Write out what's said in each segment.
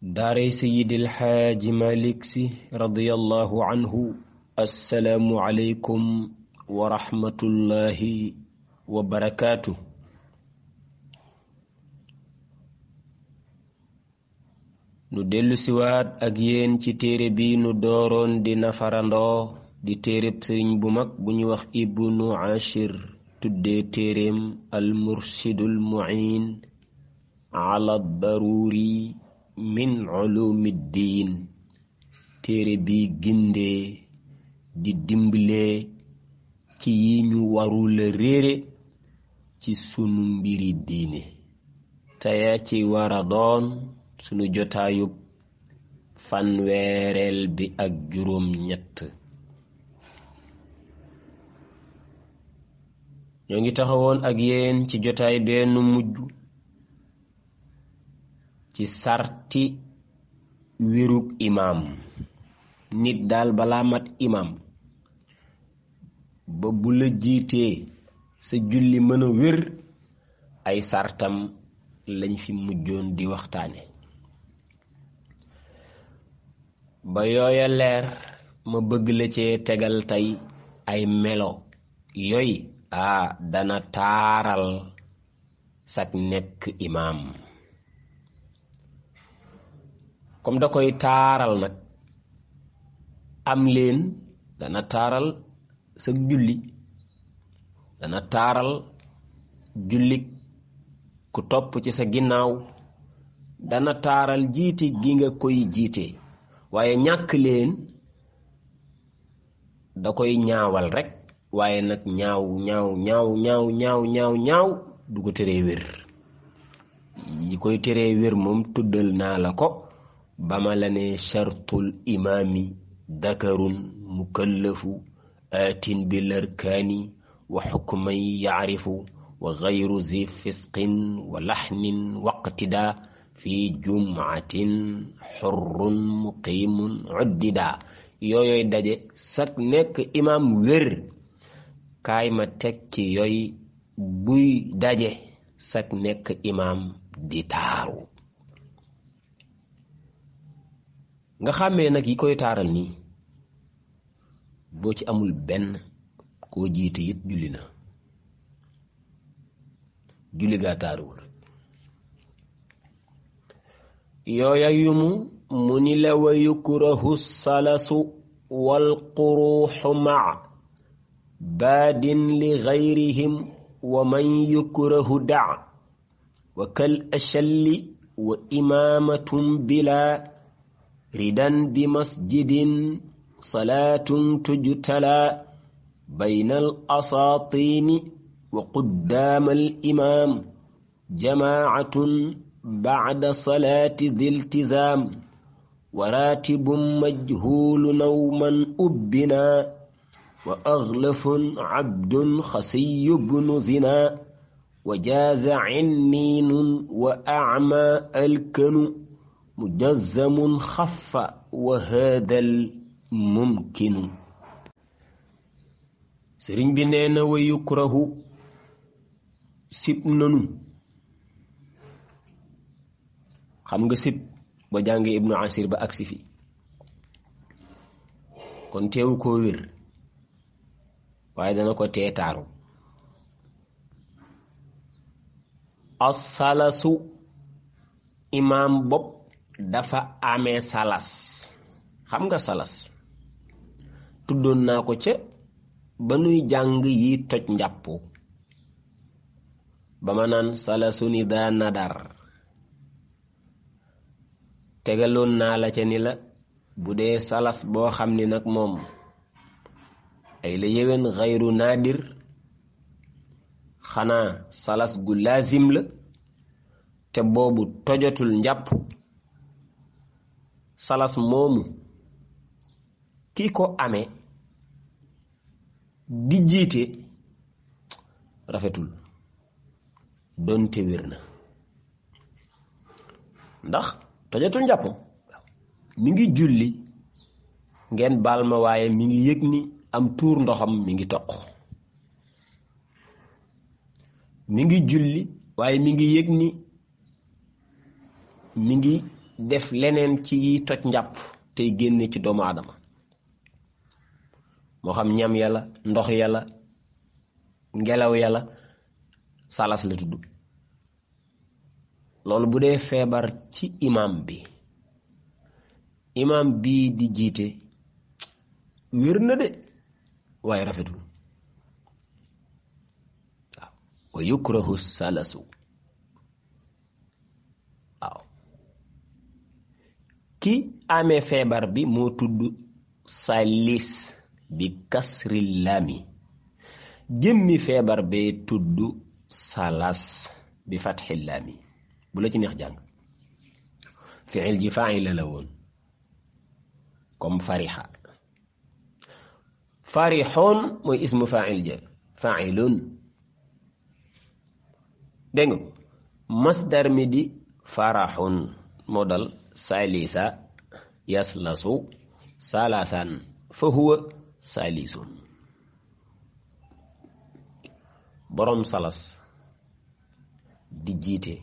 daaray sayidil xaaji malik si radiallahu anhu assalaamu aleykum wa rahmatullahi wa barakaatu nu dellu siwaat ak yéen ci téere bi nu dooroon di nafarandoo di téereb sëriñ bu mag bu ñu wax ibnu ashir tuddee téereem al mursidul muin ala daruri min ulumi diin téere bi gindee di dimbalee ci yi ñu warula réere ci sunu mbiri diine taya ci wara doon sunu jotaayub fanweereel bi ak juróom ñett ñoo ngi taxawoon ak yéen ci jotaay benn mujj ci sarti wérug imaam nit daal balaa mat imaam ba bu la jiitee sa julli mën a wér ay sartam lañu fi mujjoon di waxtaane ba yooya leer ma bëgg la cee tegal tey ay melo yooy aa dana taaral sak nekk imaam comme da koy taaral nag am leen dana taaral sa julli dana taaral jullik ku topp ci sa ginnaaw dana taaral jiite gi nga koy jiite waaye ñàkk leen da koy ñaawal rekk waaye nag ñaaw ñaaw ñaaw ñaaw ñaaw ñaaw ñaaw du ko teree koy teree wér moom tuddal naa la ko ba ma la ne chartul imaami dakarun mukallafu aatin bil wa xukman yacrifu wa gayru zi fisqin wa laxnin waqtida fi jumcatin xurrun muqiimun cuddida yooyoy daje sag nekk imaam wér kaay ma teg ci yooy buy daje sak nekk imaam di taaru nga xàmmee nag yi koy taaral nii boo ci amul benn koo jiite it julli na julli gaa taaruwul yooya yumu mu ni la wa yukrahu salasu wal quruxu ma baadin li gayrihim wa man yukrahu daa wa kal achalli wa imamatum bila ridan bi masjidin salaatun tujtala bayna al asaatini wa quddaama al imaam jamaacatun bacda salaati diltizaam wa raatibun majhuulun aw man ubbinaa wa aglafun cabdun xasiyu bnu zinaa wa jaaza cinniinun wa acmaa alkanu mujazzamun xafa wa haadal mumkinu sëriñ bi nee na wa yukrahu sib nanu xam nga sib ba jàngee ibnu asir ba agsi fi kon teewu ko wér waaye dana ko teetaaru asalasu imaam bopp dafa ame salas xam nga salas tuddoon naa ko ca ba nuy jàng yi toj njàpp ba ma naan salasu ni daa nadar tegaloon naa la ca ni la bu dee salas boo xam ni nag moom ay la yéwén xayru naadir xanaa salas gu laazim la te boobu tojatul njàpp salas moomu ki ko amee di jiite rafetul donte wér na ndax tojatul njàpp mi ngi julli ngeen baal ma waaye mi ngi yëg ni am tuur ndoxam mi ngi toq mi ngi julli waaye mi ngi yëg ni mi ngi def leneen ci yi toj njàpp tey génne ci doomu aadama moo xam ñam yàlla ndox yàlla ngelaw yàlla salas la tudd loolu bu dee feebar ci imam bi imam bii di jiite wér na de waaye rafetul waaw wa yukrahu salasu ki amee feebar bi moo tudd salis bi kasri lami jëmmi feebar bee tudd salas bi fatxi lami bu la ci neex jàng fiil ji woon comme farixa farixoon mooy ismu fail ja failun dégg masdar mi di faraxun moo yas yaslasu salasan fa huwa salisun boroom salas di jiite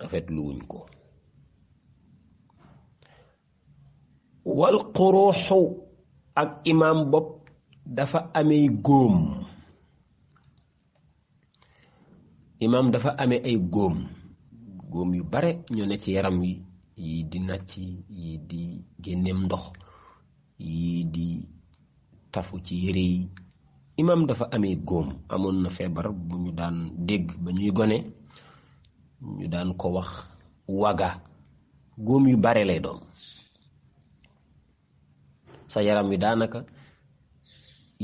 rafetlu wuñ ko wal quruxu ak imaam bopp dafa amee góom imaam dafa amee ay góom góom yu bare ñu ne ci yaram wi yii di nàcc yii di génneem ndox yii di tafu ci yére yi imam dafa amee góom amoon na feebar bu ñu daan dégg ba ñuy gone ñu daan ko wax waga góom yu bare lay doon sa yaram wi daanaka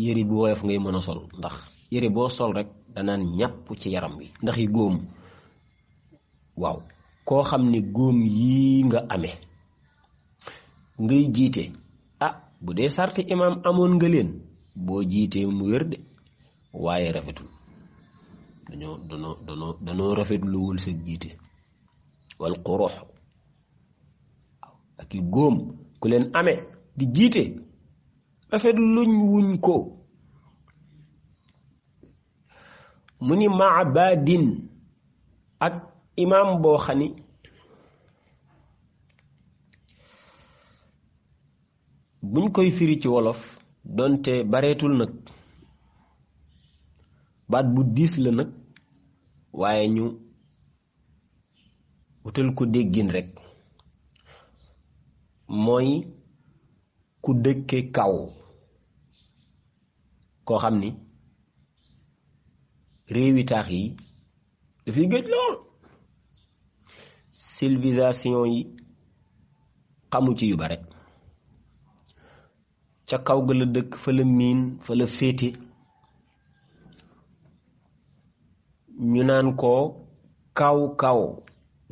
yére bu woyof ngay mën a sol ndax yére boo sol rek danaan ñàpp ci yaram wi ndaxi góom waaw koo xam ne góom yii nga ame ngay jiite ah bu dee sarti imaam amoon nga leen boo jiitee mu wér de waaye rafetul dañoo danoo danoo danoo rafetluwul sa jiite wal qurux ak i góom ame di jiite rafetluñ wuñ ko mu ni maabadin ak imaam boo xani buñ koy firi ci wolof donte bareetul nag baat bu diis la nag waaye ñu wutal ko déggin rekk mooy ku dëkke kaw koo xam ni réewi taax yi dafay gëj lool civilisation yi xamu ci yu bare ca kaw ga la dëkk fa la miin fa la féete ñu naan ko kaw kaw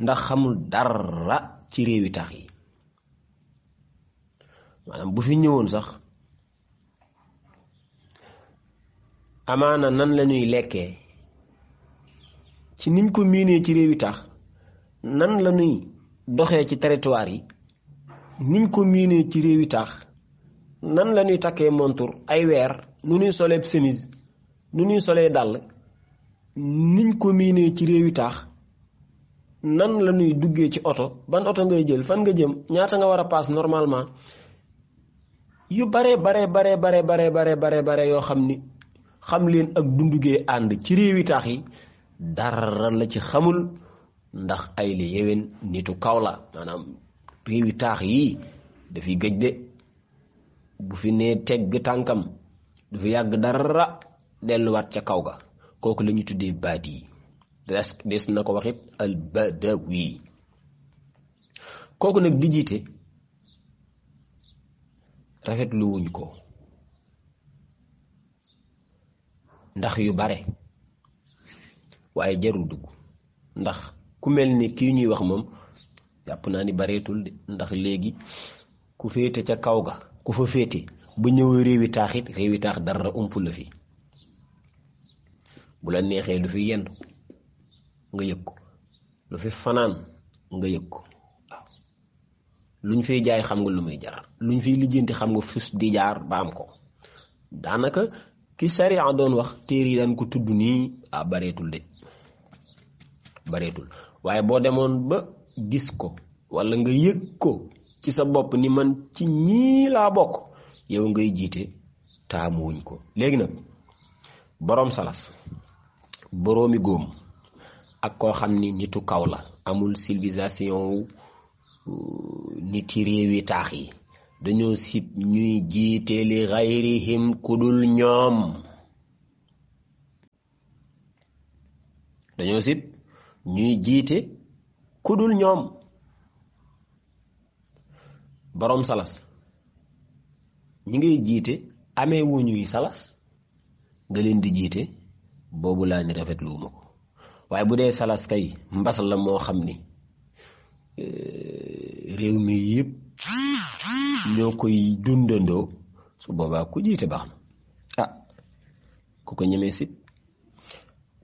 ndax xamul dara ci réewi tax yi maanaam bu fi ñëwoon sax amaana nan lañuy lekkee ci niñ ko miinee ci réewi tax nan la ñuy doxee ci territoire yi niñ ko miinee ci réew yi taax nan la ñuy takkee montur ay weer nu ñuy solee semis nu ñuy solee dàll niñ ko miinee ci réew yi taax nan la ñuy duggee ci oto ban oto ngay jël fan nga jëm ñaata nga war a paas normalement yu bare bare bare bare bare bare bare bare yoo xam ni xam leen ak dundugee ànd ci réew yi taax yi dara la ci xamul ndax ay yéwén nitu kaw la maanaam réewi taax yii dafi gëj de bu fi nee tegg tànkam du fi yàgg dara delluwaat ca kaw ga kooku la ñu tuddee baat yi des na ko waxit al badawi kooku nag di jiite rafetlu wuñ ko ndax yu bare waaye jarul dugg ndax ku mel ni kii ñuy wax moom jàpp naa ni bareetul de ndax léegi ku féete ca kaw ga ku fa féete bu ñëwee réewi taax it réewi taax dara ump la fi bu la neexee lu fi yenn nga yëg ko lu fi fanaan nga yëg ko waaw luñ fiy jaay xam nga lu muy jar luñ fiy lijjanti xam nga fus di jaar ba am ko daanaka ki sariya doon wax téere yi daan ko tudd nii ah bareetul de bareetul waaye boo demoon ba gis ko walla nga yëg ko ci sa bopp ni man ci ñii laa bokk yow ngay jiite taamuwuñ ko léegi nag boroom salas boroomi góom ak koo xam ni nitu kaw la amul civilisation wu uh, niti réewi taax yi dañoo sib ñuy jiite li xayrihim kudul ñoom dañoo sib ñuy jiite kudul ñoom boroom salas ñi ngay jiite amee wu ñuy salas nga leen di jiite boobu laa ni rafet luuma ko waaye bu dee salas kay mbas la moo xam ni euh, réew mi yépp ñoo koy dundandoo su boobaa ku jiite ba na ah ku ko ñemee sit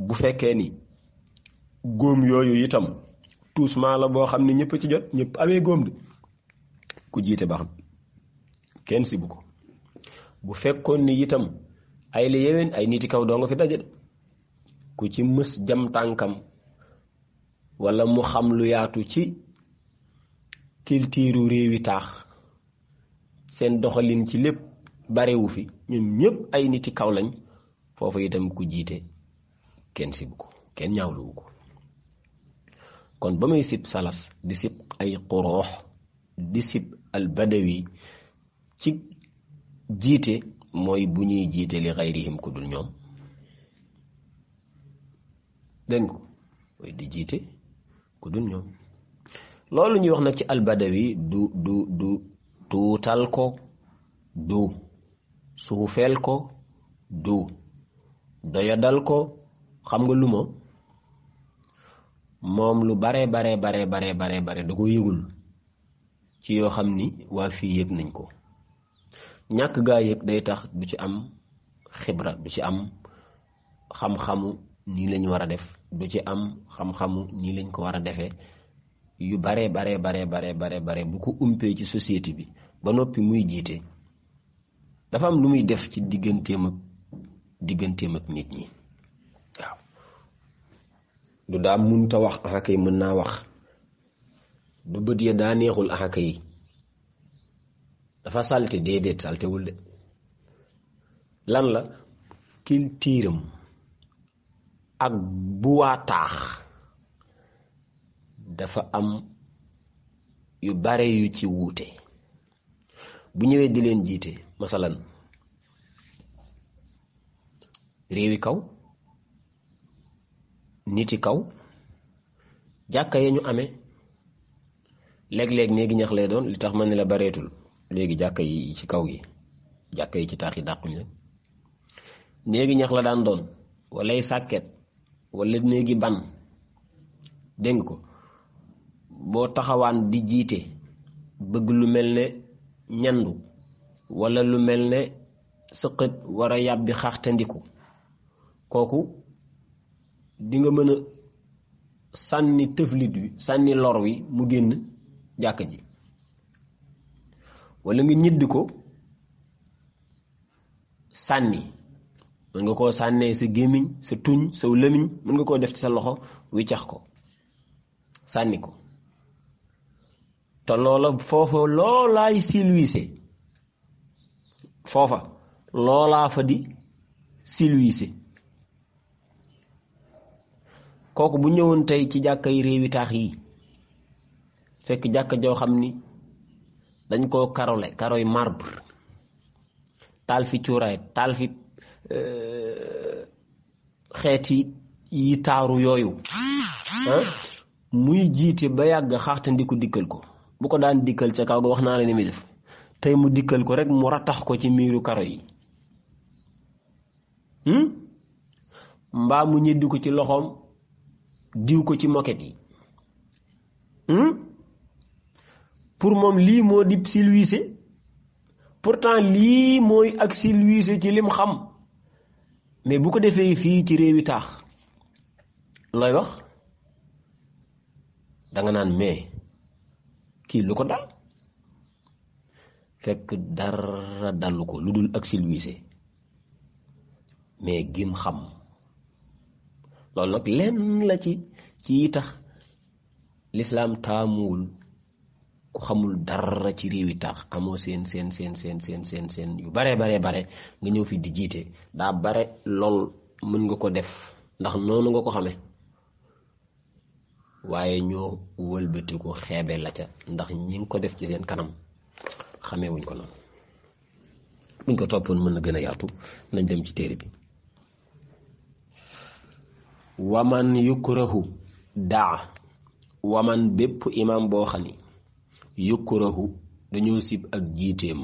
bu fekkee ni góom yooyu itam tuusmaa la boo xam ne ñëpp ci jot ñëpp amee góom de ku jiite baax na kenn si ko bu fekkoon ni itam ay la yeween ay niti kaw doo nga fi daje de ku ci mës jam tànkam wala mu xam lu yaatu ci kiltiiru réewi taax seen doxalin ci lépp barewu fi ñoom ñëpp ay niti kaw lañ foofu itam ku jiite kenn si ko kenn ñaawluwu ko kon ba muy sib salas di sib ay xuroox di sib albadawi ci jiite mooy bu ñuy jiite li xayrihim ku dul ñoom dégg ko di jiite ku dul ñoom loolu ñuy wax nag ci albadawi du du du tuutal ko du suufeel ko du doyadal ko xam nga lu ma moom lu bare bare bare bare bare bare da ko yëgul ci yoo xam ni waa fii yëg nañ ko ñàkk gaa day tax du ci am xibra du ci am xam nii lañ war a def du ci am xam nii lañ ko war a defee yu bare bare bare bare bare bare bu ko umpee ci societé bi ba noppi muy jiite dafa am lu muy def ci digganteem ak digganteem ak nit ñi du daa munta wax axaka yi mën naa wax du bët ya daa neexul axaka yi dafa salte déedéet saltewul de lan la kiltiiram ak taax dafa am yu bare yu ci wuute bu ñëwee di leen jiite masalan réewi kaw nit niti kaw jàkka yi ñu amee léeg-léeg néegi ñax lay doon li tax ma ne la bareetul léegi jàkka yi ci kaw yi jàkka yi ci taax yi dàquñ leen néegi ñax la daan doon walay sàkket wala néegi ban dégg ko boo taxawaan di jiite bëgg lu mel ne ñandu walla lu mel ne sëqët war a yàbbi xaxtandiku kooku dinga mën a sànni tëflit wi sànni lor wi mu génn jàkk ji walla nga ñidd ko sànni mën nga koo sànnee sa gémmiñ sa tuñ saw lëmiñ mën nga koo def ci sa loxo wiccax ko sànni ko te loola foofa loolaay silwiise foofa loolaa fa di silwiise kooku bu ñëwoon tey ci jàkka yi réewi taax yi fekk jàkka joo xam ni dañ koo karole karoy marbre taal fi cuuraay taal fi euh, xeeti yi taaru yooyu ah, muy jiite ba yàgg xaaxtandiku dikkal ko bu ko daan dikkal ca kaw ga wax naa la ni muy def tey mu dikkal ko rek mu rattax ko ci miiru karo yi hmm? mbaa mu ñeddi ko ci loxoom diw ko ci moket yi hmm? pour moom lii moo di silwiise pourtant lii mooy ak silwiise ci lim xam mais bu ko defee fii ci réewi taax looy wax danga naan mais kii lu ko dal fekk dara dallu ko lu dul ak silwiise mais gim xam loolu nag lenn la ci ci yi tax lislaam taamuwul ku xamul dara ci réew yi tax amoo seen seen seen seen seen seen seen yu bare bare bare nga ñëw fi di jiite daa bare lool mën nga ko def ndax noonu nga ko xame waaye ñoo wëlbatiku xeebe la ca ndax ñi ngi ko def ci seen kanam xamee wuñ ko noonu buñ ko toppoon mën na gën a yaatu nañ dem ci téere bi waman yukrahu daa waman bépp imam boo xam ni yukrahu dañoo sib ak jiiteem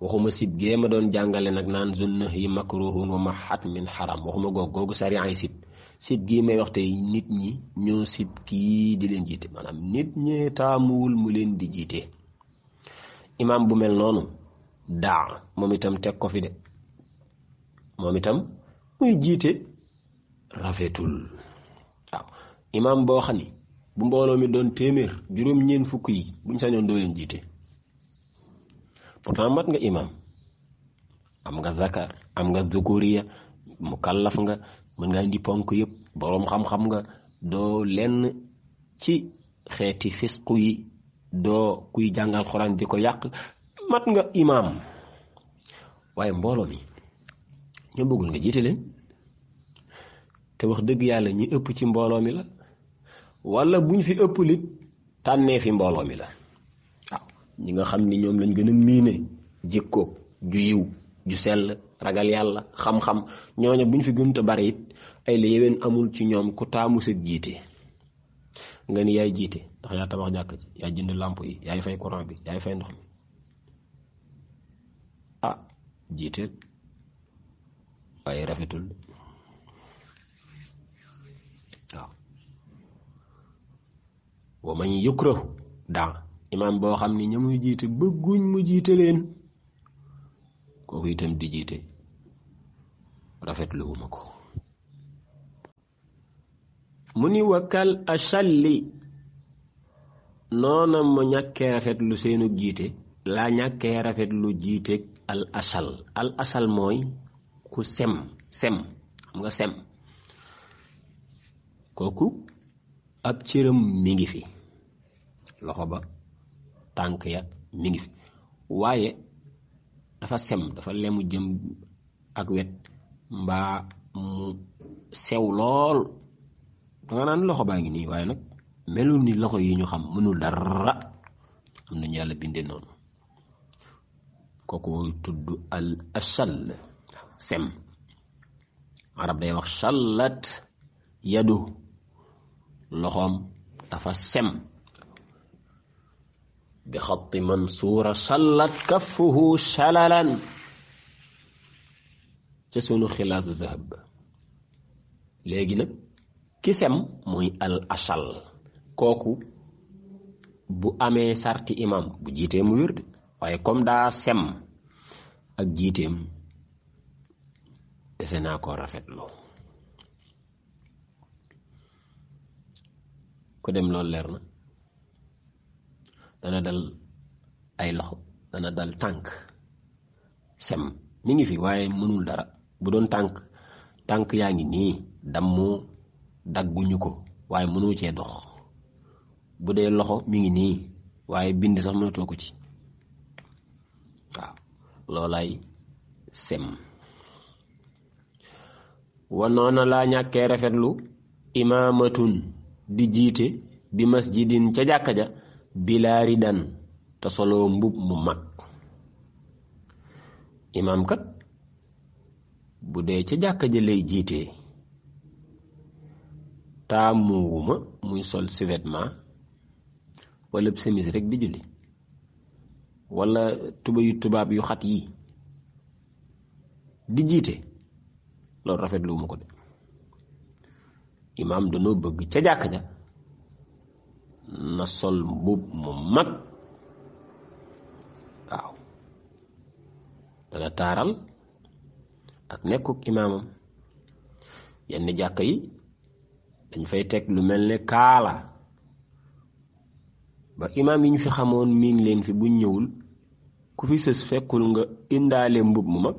waxuma sib gee ma doon jàngale nag naan zunna yi makruhun wa mahat min xaram waxuma goog googu sariya yi sib sib gii may wax tey nit ñi ñoo sib kii di leen jiite maanaam nit ñee taamuwul mu leen di jiite imam bu mel noonu daa moom itam teg ko fi de moom itam muy jiite rafetul waaw boo xam ni bu mbooloo mi doon téeméer juróom-ñeent fukk yi buñ sañoon doo leen jiite pourtant mat nga imaam am nga zakar am nga zukuriya mu kàllaf nga mën nga indi ponk yëpp boroom xam-xam nga doo lenn ci xeeti fisqu yi doo kuy jàngal xuraan di ko yàq mat nga imaam waaye mbooloo mi ñoo bëggul nga jiite leen te wax dëgg yàlla ñi ëpp ci mbooloo mi la walla bu ñu fi ëpplit lit tànnee fi mbooloo mi la waaw ñi nga xam ni ñoom lañ gën a miine jikko ju yiw ju sell ragal yàlla xam-xam ñooñu bu ñu fi gën bari it ay la yeween amul ci ñoom ku taamu sa jiite nga ni yaay jiite ndax yaa tabax jàkk ji yaay jënd làmp yi yaay fay courant bi yaay fay ndox mi ah jiite waaye rafetul wa man yukrahu daa imaam boo xam ne ña muy jiite bëgguñ mu jiite leen kooku itam di jiite rafetluwuma ko mu ni wakkal achalli noona mu ñàkkee rafetlu seenu jiite laa ñàkkee rafetlu jiite al asal al asal mooy ku sem sem xam nga sem kooku ab cëram mi ngi fi loxo ba tànk ya mi ngi fi waaye dafa sem dafa lemu jëm ak wet mbaa mu sew lool danga naan loxo baa ngi nii waaye nag melul ni loxo yi ñu xam mënul dara am nañu yàlla bindee noonu kooku tudd al asal sem arab day wax sallat yadu loxoom dafa sem bi xatti mansuura sallat kaffuhu salalan ca sunu xilaasu zahab léegi nag ki sem mooy al asal kooku bu amee sarti imam bu jiitee mu wird waaye comme daa sem ak jiiteem dese naa ko rafetlu ku dem lool leer na dana dal ay loxo dana dal tànk sem mi ngi fi waaye mënul dara bu doon tànk tànk yaa ngi nii dammu dagguñu ko waaye mënoo cee dox bu dee loxo mi ngi nii waaye bind sax mënatoo ko ci waaw loolaay sem wa noona laa ñàkkee rafetlu imaamatun di jiite bi masjidin ca jàkka ja bilaari dan te solo mbub mu mag imaam kat bu dee ca jàkka ja lay jiite taamuwuma muy sol si vêtement wala semis rek di julli wala tuba yu tubaab yu xat yi di jiite loolu rafetluwuma ko de imam danoo bëgg ca jàkk ja na sol mbubb mu mag waaw dana taaral ak nekkuk imaamam yenn jàkk yi dañ fay teg lu mel ni kaala ba imaam yi ñu fi xamoon miin leen fi buñ ñëwul ku fi sës fekkul nga indaale mbubb mu mag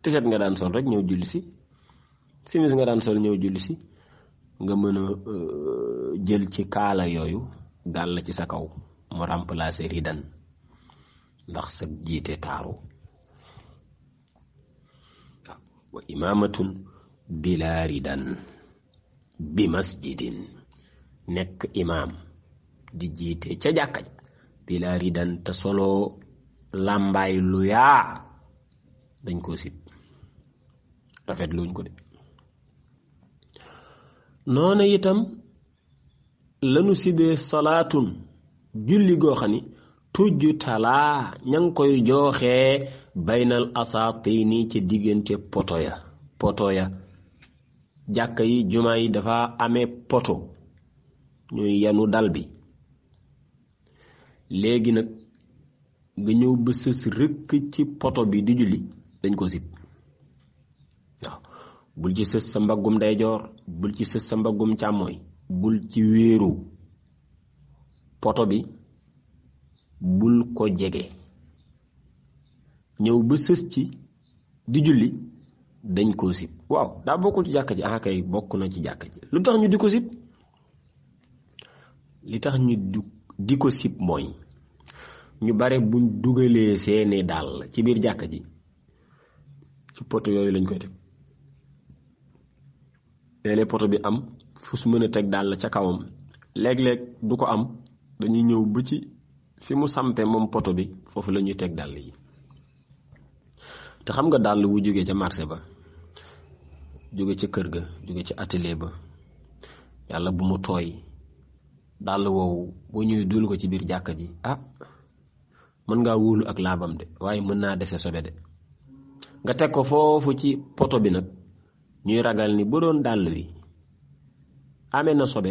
te set nga daan sol rek ñëw julli si simis nga daan sol ñëw julli si nga mën a euh, jël ci kaala yooyu gàll ci sa kaw mu remplacer ridan ndax sa jiite taaru wa imaamatun bila ridan bi masjidin nekk imaam di jiite ca jàkka ja bila ridan te solo làmbaay lu yaa dañ koo sib rafet luñ ko de noona itam lanu sibee salaatun julli goo xam ni tujju talaa ña ngi koy jooxee baynal asaatini ca diggante poto ya poto ya jàkk yi jumaa yi dafa ame poto ñuy yanu dal bi léegi nag ga ñëw ba rëkk ci poto bi di julli dañ ko sib bul ci sës sa mbaggum ndeyjoor bul ci sës sa mbaggum càmmooy bul ci wéeru poto bi bul ko jege ñëw ba sës ci di julli dañ koo sib waaw daa bokkul ci jàkka ji ah kay bokk na ci jàkka ji lu tax ñu di ko sib tax ñu di mooy ñu bare buñ dugalee seeni dàll ci biir jàkk ji ci poto yooyu lañ koy teg léeg poto bi am fu su mën a teg daal la ca kawam léeg-léeg du ko am dañuy ñëw ba ci fi mu sampe moom poto bi foofu la ñuy teg dàll yi te xam nga dàll wu jóge ca marché ba jóge ca kër ga jóge ca atelier ba yàlla bu mu tooy dàll woowu boo ñëwee duul ko ci biir jàkka ji ah mën ngaa wóolu ak laabam de waaye mën naa dese sobe de nga teg ko foofu ci poto bi nag ñuy ragal ni bu doon dàll wi amee na sobe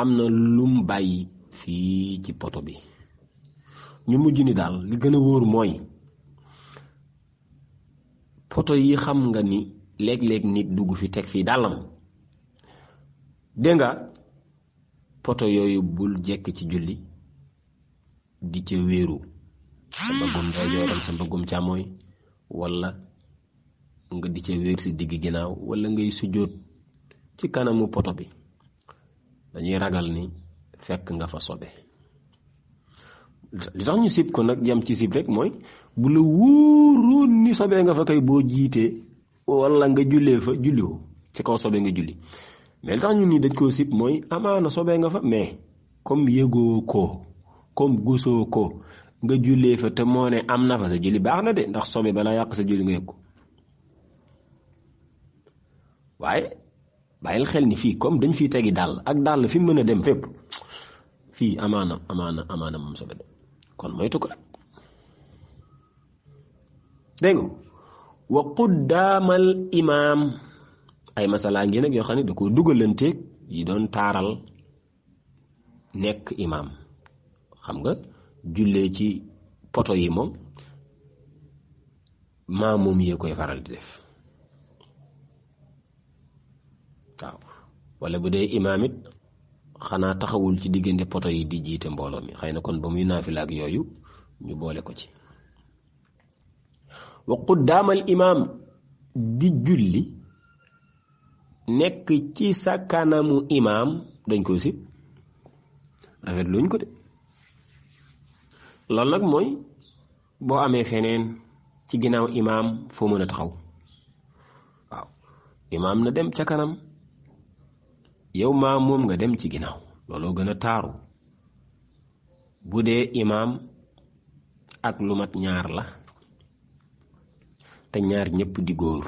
am na lum bàyyi fii ci poto bi ñu mujj ni daal li gën a wóor mooy poto yi xam nga ni léeg-léeg nit dugg fi teg fii dàllam dégg poto yooyu bul jekk ci julli di ca wéeru sa mbëggum ndeyjooram sa mbëggum càmmooñ walla nga di ca wéer si digg ginnaaw wala ngay sujjóot ci kanamu poto bi dañuy ragal ni fekk nga fa sobe li tax ñu sib ko nag jam ci sib rek mooy bu la wóoroon ni sobee nga fa kay boo jiitee wala nga jullee fa julliwoo ci kaw sobe nga julli mais li tax ñu nii dañ koo sib mooy amaana sobee nga fa mais comme yëgoo ko comme gusoo ko nga jullee fa te moo ne am na fa sa julli baax na de ndax sobe balaa yàq sa julli nga yëg ko waaye bàyyil xel ni fii comme dañ fi tegi dàll ak dàll fi mën a dem fépp fii amaana amaana amaana moom sobe de kon moytu ko rek dégg nga wa quddaamal imaam ay masalaa ngi nag yoo xam ne da ko dugalanteeg yi doon taaral nekk imaam xam nga jullee ci poto yi moom maa moom yee koy faral di def wala bu dee imaam xanaa taxawul ci diggante poto yi di jiite mbooloo mi xëy na kon ba muy naafila ak yooyu ñu boole ko ci wa quddaamal imaam di julli nekk ci sa kanamu imaam dañ ko sib rafet luñ ko de loolu nag mooy boo amee feneen ci ginnaaw imaam foo mën a taxaw waaw imaam na dem ca kanam yow maa moom nga dem ci ginnaaw looloo gën a taaru bu dee imaam ak lu mat ñaar la te ñaar ñépp di góor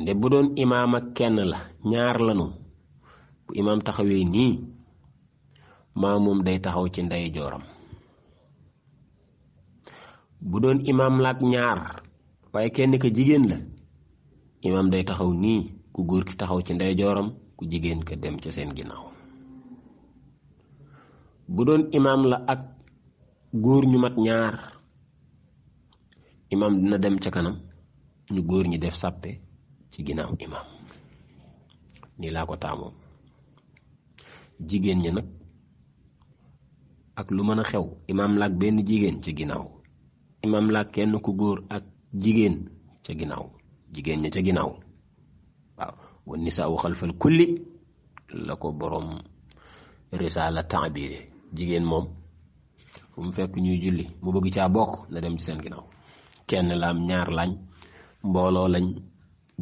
nde bu doon imaam ak kenn la ñaar lanu bu imaam taxawee nii maa moom day taxaw ci ndeyjooram jooram bu doon imaam la ak ñaar waaye kenn ka jigéen la imaam day taxaw nii ku góor ki taxaw ci ndeyjooram ku jigéen ka dem ca seen ginnaaw bu doon imaam la ak góor ñu mat ñaar imaam dina dem ca kanam ñu góor ñi def sàppe ci ginnaaw imaam nii laa ko taamoo jigéen ñi nag ak lu mën a xew imaam la benn jigéen ca ginnaaw imaam la ak kenn ku góor ak jigéen ca ginnaaw jigéen ña ca ginnaaw wa nisaawu xalfal kulli la ko boroom risaala taabire jigéen moom mu fekk ñuy julli mu bëgg caa bokk na dem ci seen ginnaaw kenn laam ñaar laañ mbooloo lañ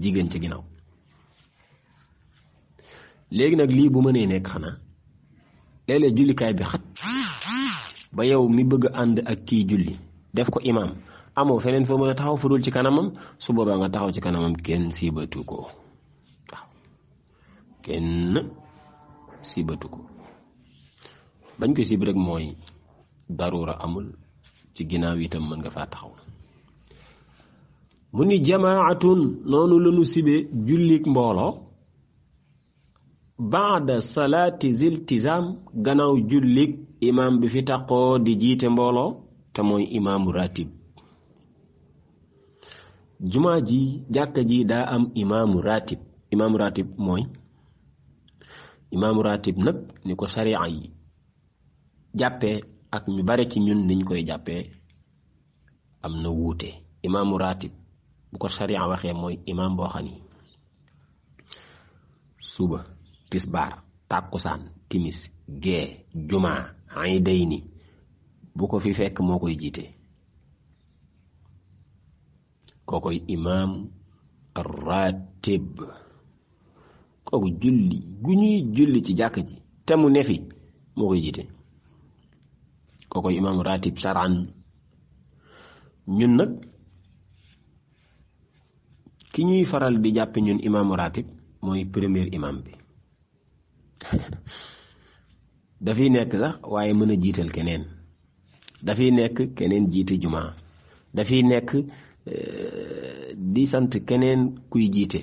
jigéen ci ginnaaw léegi nag lii bu mënee nekk xanaa léeg jullikaay bi xat ba yow mi bëgg ànd ak kii julli def ko imaam amoo feneen foo mën a taxaw fu ci kanamam su boobaa nga taxaw ci kanamam kenn siibatu ko kenn sibatu ko bañ ko sib rek mooy daruura amul ci ginnaaw itam mën nga faa taxaw mu ni jamaatun noonu lanu sibee jullik mbooloo baada salaati ziltizaam gannaaw jullik imaam bi fi taqoo di jiite mbooloo te mooy imaamu ratib jumaa ji jàkka ji daa am imaamu ratib imaamu ratib mooy imaamu ratib nag ni ko sariya yi jàppee ak ñu bare ci ñun niñ koy jàppee am na wuute imaamu ratib bu ko sariya waxee mooy imaam boo xam suba tisbaar tàkkusaan timis gee jumaa ay day ni bu ko fi fekk moo koy jiite koo koy imaam ratib kooku julli gu ñuy julli ci jàkk ji te mu ne fi moo koy jiite kooku imaamu ratib saraan ñun nag ki ñuy faral di jàppe ñun imaamu ratib mooy premier imam bi dafiy nekk sax waaye mën a jiital keneen dafiy nekk keneen jiite jumaa dafiy nekk euh, di sant keneen kuy jiite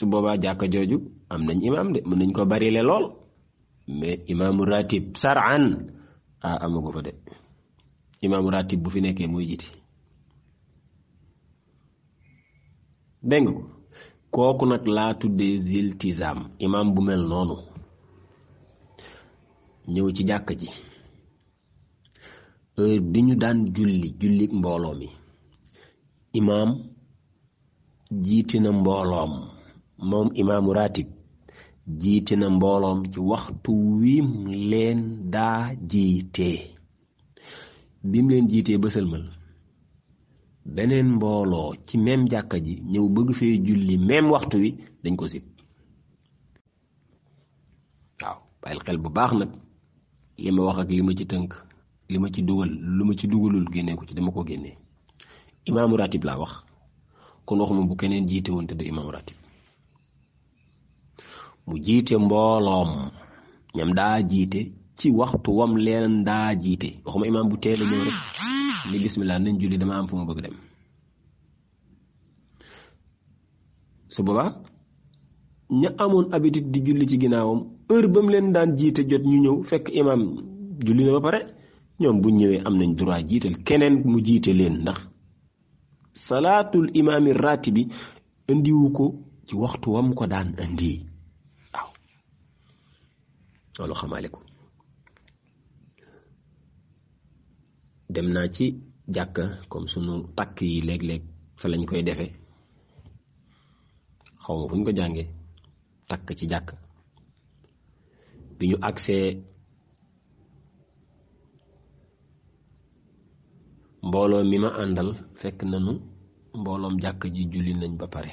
su boobaa jàkka jooju am nañ imaam de mën nañ ko barile lool mais imaamu ratib sar'an a ah, amagu fa de imaamu ratib bu fi nekkee mooy jiite dégg nga ko kooku nag laa tuddee ziltizaam imaam bu mel noonu ñëw ci jàkka ji heure ñu daan julli julli mbooloo mi imaam jiite na mbooloom moom imaamu ratib jiite na mbooloom ci waxtu wim leen daa jiite mu leen jiitee ba sëlmal beneen mbooloo ci même jàkka ji ñëw bëgg fee julli même waxtu wi dañ ko sib waaw bàyyil xel bu baax nag li ma wax ak li ma ci tënk li ma ci dugal lu ma ci dugalul génne ko ci dama ko génnee imaamu ratib laa wax kon waxuma bu keneen jiite woon te du imaamu ratib mu jiite mbooloom ñam daa jiite ci waxtu wam leen daa jiite waxuma imaam bu teel a ñëw rek ni bismillah nañ julli dama am fu mu bëgg dem su ña amoon habitude di julli ci ginnaawam heure ba leen daan jiite jot ñu ñëw fekk imaam julli na ba pare ñoom bu ñëwee am nañ droit jiital keneen mu jiite leen ndax salaatul imaami raati bi indiwu ko ci waxtu wam ko daan indi loolu xamaale ko dem naa ci jàkka comme sunu takk yi léeg-léeg fa lañ koy defee xaw ma fu ñu ko jànge takk ci jàkk bi ñu agsee mbooloo mi ma àndal fekk nañu mbooloom jàkk ji julli nañ ba pare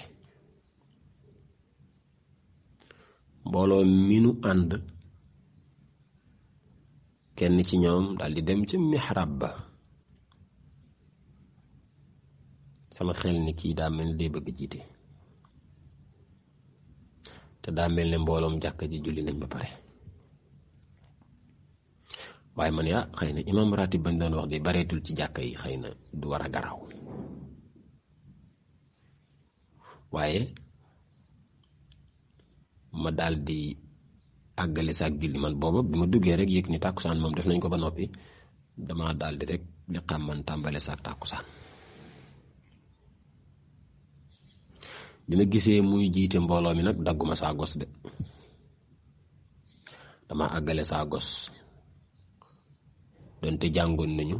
mbooloo mi nu ànd kenn ci ñoom daldi dem ca mihrab ba sama xel ni kii daa mel ni day bëgg jiite te daa mel ni mbooloom jàkk ji julli nañ ba pare waaye man yaa xëy na imam ratib bañ doon wax di bareetul ci jàkk yi xëy na du war a garaaw waaye ma daldi àggale saak julli man booba bi ma duggee rek yëg ni tàkkusaan moom def nañ ko ba noppi dama daldi rek li xam man tàmbale saak tàkkusaan bi ma gisee muy jiite mbooloo mi nag dagguma saa gos de dama àggale saa gos donte jàngoon nañu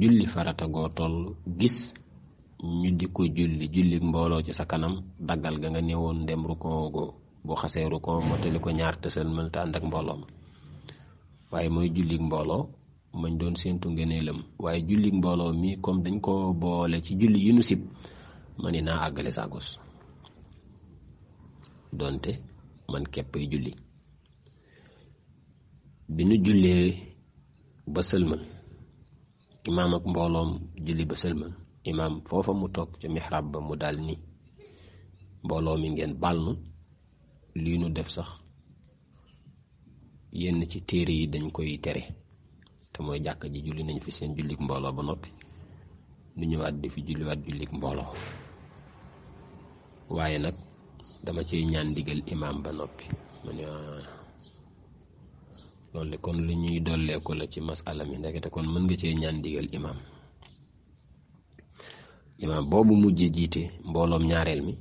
julli faratagoo goo toll gis ñu di ko julli julli mbooloo ci sa kanam daggal nga nga woon ndem rukoogoo bu xaseeru ko mottali ko ñaar tësal mën ta ànd ak mbooloo waaye mooy julli mbooloo mañ doon séentu ngëneelam waaye julli mbooloo mi comme dañ ko boole ci julli yi nu sib ma ni naa àggale saagos doonte man keppay julli bi nu jullee ba sëlmal imaam ak mbooloom julli ba sëlmal imaam foofa mu toog ca mixraab ba mu dal ni mbooloo mi ngeen baal nu lii nu def sax yenn ci téere yi dañ koy tere te mooy jàkk ji julli nañ fi seen jullik mbooloo ba noppi lu ñëwaat di fi julliwaat jullik mbooloo waaye nag dama ciy ñaan ndigal imaam ba noppi ma ne loolu kon lu ñuy dolleeku la ci masala mi ndekete kon mën nga cee ñaan ndigal imaam imaam boobu mujjee jiite mbooloom ñaareel mi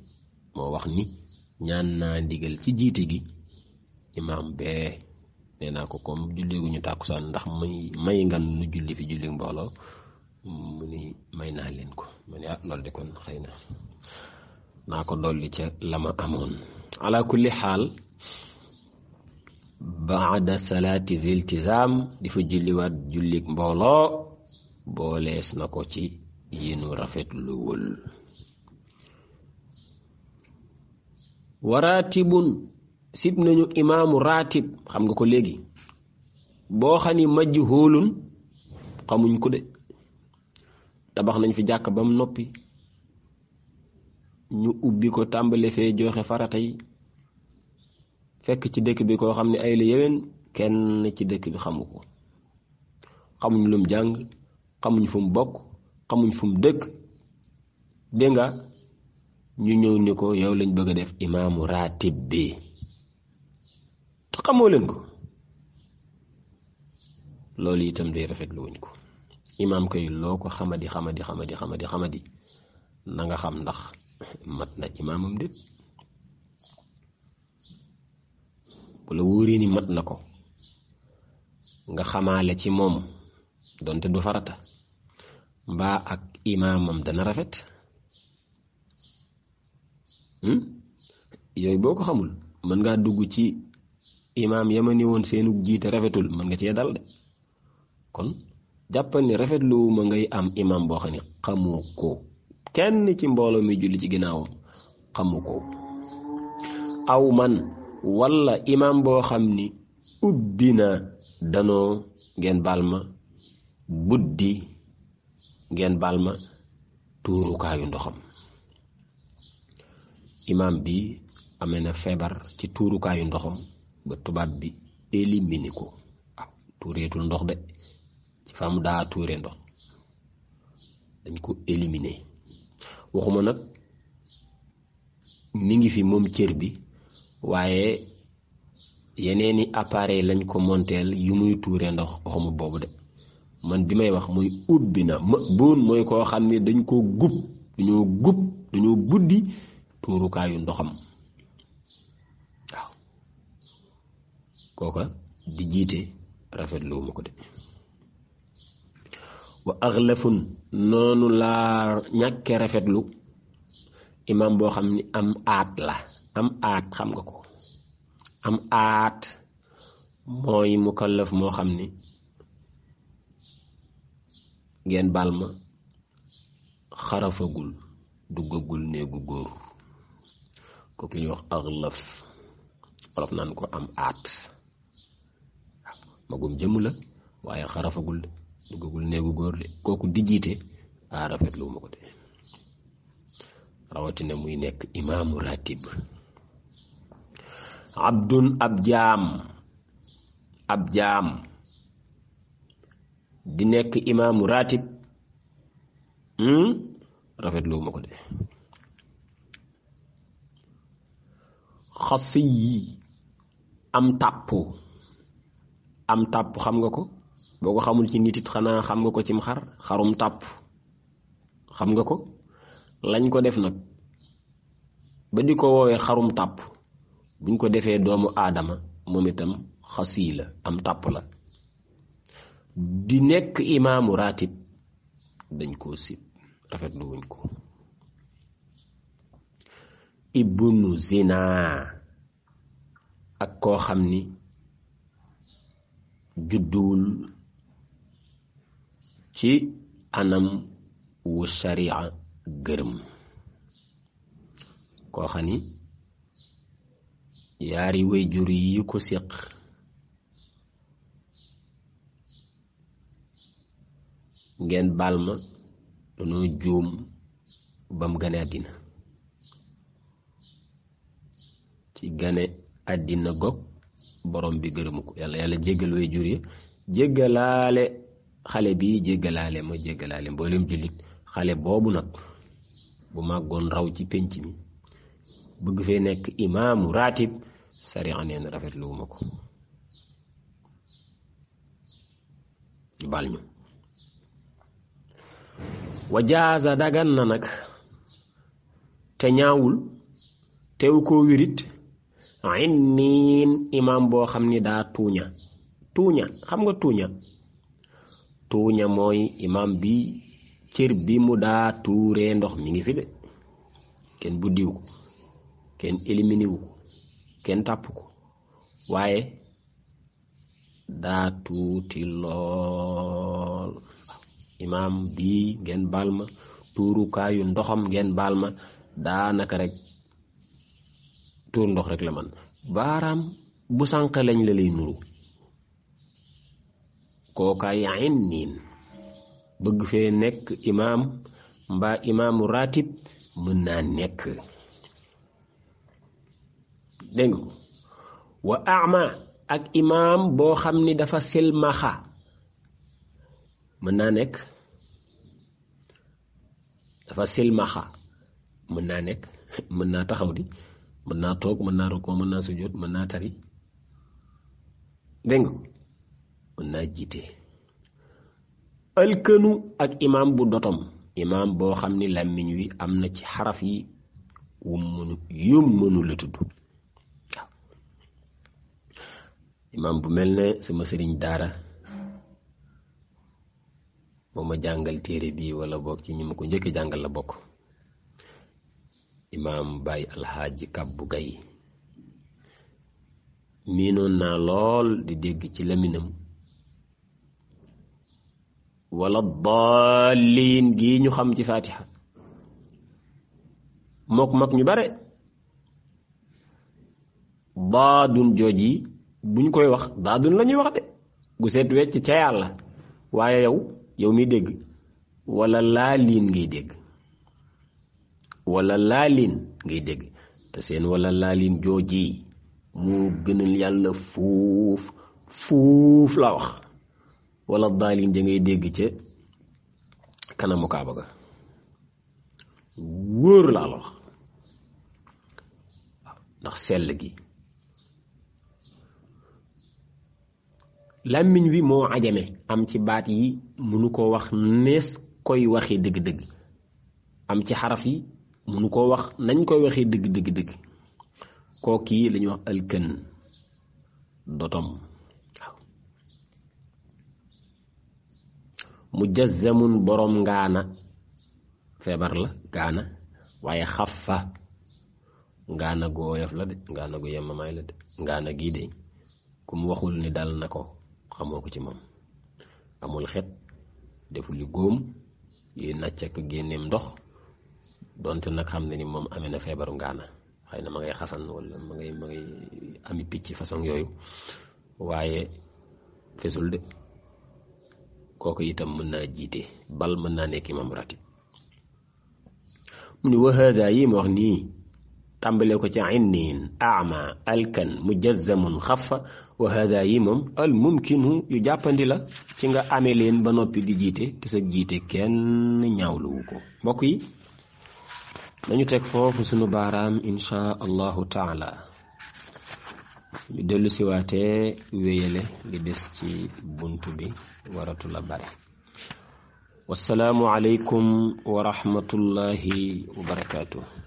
moo wax ni ñaan naa ndigal ci jiite gi imaam bee nee naa ko comme julleeguñu tàkkusaan ndax may may ngan nu julli fi julli mbooloo mu ni may naa leen ko ma ni ah loolu kon xëy na naa ko dolli ca la ma amoon ala kulli xaal baada salaati ziltizaam di fa julliwaat jullik mbooloo boolees na ko ci yéenu rafet lu wël wa raatibun sib nañu imaamu raatib xam nga ko léegi boo xam ni majhuulun xamuñ ko de tabax nañu fi jàkk ba mu noppi ñu ubbi ko tàmbale fee joxe faratay fekk ci dëkk bi koo xam ne ay la yeween kenn ci dëkk bi xamu ko xamuñ lum jàng xamuñ fu bokk xamuñ fu dëkk dégg ñu ñëw ni ko yow lañ bëgg a def imaamu raatib bi te xamoo leen ko loolu itam day rafetlu wuñ ko imaam kay loo ko xamadi xamadi xamadi xamadi xamadi nanga xam ndax mat na imaamam déet bu la wóoree mat na ko nga xamaale ci moom donte du farata mbaa ak imaamam dana rafet Hmm? yooyu boo ko xamul mën ngaa dugg ci imaam yamani woon seenu jiite rafetul mën nga cee dal de kon jàppal ni rafetluwuma ngay am imaam boo xam ne xamoo ko kenn ci mbooloo mi julli ci ginnaawam xamu ko aw man walla imaam boo xam ni ubbi na danoo ngeen baal ma buddi ngeen baal ma tuurukaayu ndoxam imaam bi amee na feebar ci tuurukaayu ndoxam ba tubaab bi éliminé ko waaw tuureetul ndox de ci fa mu daa tuure ndox dañ ko éliminé waxuma nag mi ngi fi moom cër bi waaye yeneeni appareil lañ ko monteel yu muy tuure ndox waxuma boobu de man bi may wax muy ubbi na ma boon mooy koo xam ni dañ koo gub dañoo gub dañoo buddi tuurukaayu ndoxam waaw kooka di jiite rafetlu ma ko de wa axlafun noonu laa ñàkke rafetlu imam boo xam ni am aat la am aat xam nga ko am aat mooy mukallaf moo xam ni ngeen baal ma xarafagul duggagul néegu góor kooku li ñuy wax axlaf naan ko am aat magum jëmm la waaye xarafagul duggagul néegu góor de kooku di jiite a ah, rafetlu ma ko de rawatina muy nekk imaamu ratib abdun ab jaam ab jaam di nekk imaamu ratib hmm? rafetlu ma ko de xasi yi am tàpp am tàpp xam nga ko boo ko xamul ci nit it xanaa xam nga ko cim xar xarum tàpp xam nga ko lañ ko def nag ba di ko woowee xarum tàpp buñ ko defee doomu aadama moom itam xasi la am tàpp la di nekk imaamu ratib dañ koo sib rafetlu wuñ ko ibnu zinaa ak koo xam ni judduwul ci anam wu sharia gërëm koo xam ni yaari wayjur yi ko séq ngeen baal ma dañoo juum ba mu gane àddina ci gane àddina gog borom bi gërëmu ko yàlla yàlla jéggal way jur yi jéggalaale xale bi jéggalaale ma jéggalaale mboolem jullit xale boobu nag bu màggoon raw ci penc mi bëgg fee nekk imaamu raatib sariya nee na rafet luwuma ko bal ñu wajaaza dagan nag te ñaawul teew koo wirit inniin imaam boo xam ni daa tuuña tuuña xam nga tuuña tuuña mooy imaam bi cër bi mu daa tuuree ndox mi ngi fi de kenn buddiwu ko kenn éliminé wu kenn tàpp ko waaye daa tuuti lool imaam bii ngeen baal ma tuurukaayu ndoxam ngeen baal ma daanaka rek tuur ndox rek la man baaraam bu sànq lañ la lay nuru kookaay ayn niin bëgg fee nekk imaam mbaa imaamu ratib mën naa nekk wa ama ak imaam boo xam ni dafa silmaxa mën naa nekk dafa silmaxa mën naa nekk mën naa taxaw di mën naa toog mën naa rukkoo mën naa sujjóot mën naa tari dégg nga mën naa jiite ëlkënu ak imaam bu dotom imaam boo xam ni làmmiñ wi am na ci xaraf yi wum mënu yum tudd imaam bu mel ne suma sëriñ daara moo ma jàngal téere bii wala boog ci ñi ma ko njëkk jàngal la bokk imaam Baye Alxaaji Kàbbu Gay miinoon naa lool di dégg ci laminam walla daalliin gi ñu xam ci faatiha mook mag ñu bare daadun jooj yi buñ koy wax daadun la ñuy wax de gu seet wecc ca yàlla waaye yow yow miy dégg wala liin ngay dégg wala laalin ngay dégg te seen walla laalin jooji mu gënal yàlla fuuf fuuf laa wax wala daalin ja ngay dégg ca kanamu kaaba ga wóor laa wax ndax sell gi làmmiñ wi moo ajame am ci baat yi mënu ko wax nees koy waxee dëgg-dëgg am ci xaraf yi munu koo wax nañ koy waxee dëgg dëgg dëgg kooku yi la ñuy wax alkën dotom waaw mu jazzamun boroom ngaana feebar la ngaana waaye xaf fa ngaana gu woyof la de ngaana gu yemamaay la de ngaana gii de ku mu waxul ni dal na ko xamoo ko ci moom amul xet deful yu góom yuy nàcc ak génneem ndox donte nag xam ne ni moom amee na feebaru ngaana xëy na ma ngay xasan wala ma ngay ami picc façon yooyu waaye fesul de kooku itam mën naa jiite bal mën naa nekk imam ratib mu ni wa yi ma nii tàmbale ko ci inniin ama alkan mujazzamun xafa wa hada yi moom al mumkinu yu jàppandi la ci nga amee leen ba noppi di jiite te sa jiite kenn ñaawluwu ko mbokk yi nañu teg foofu sunu baaraam insha allahu taala ñu dellu siwaatee wéyale li des ci bunt bi waratu la bare wasalaamu aleykum wa rahmatullahi wa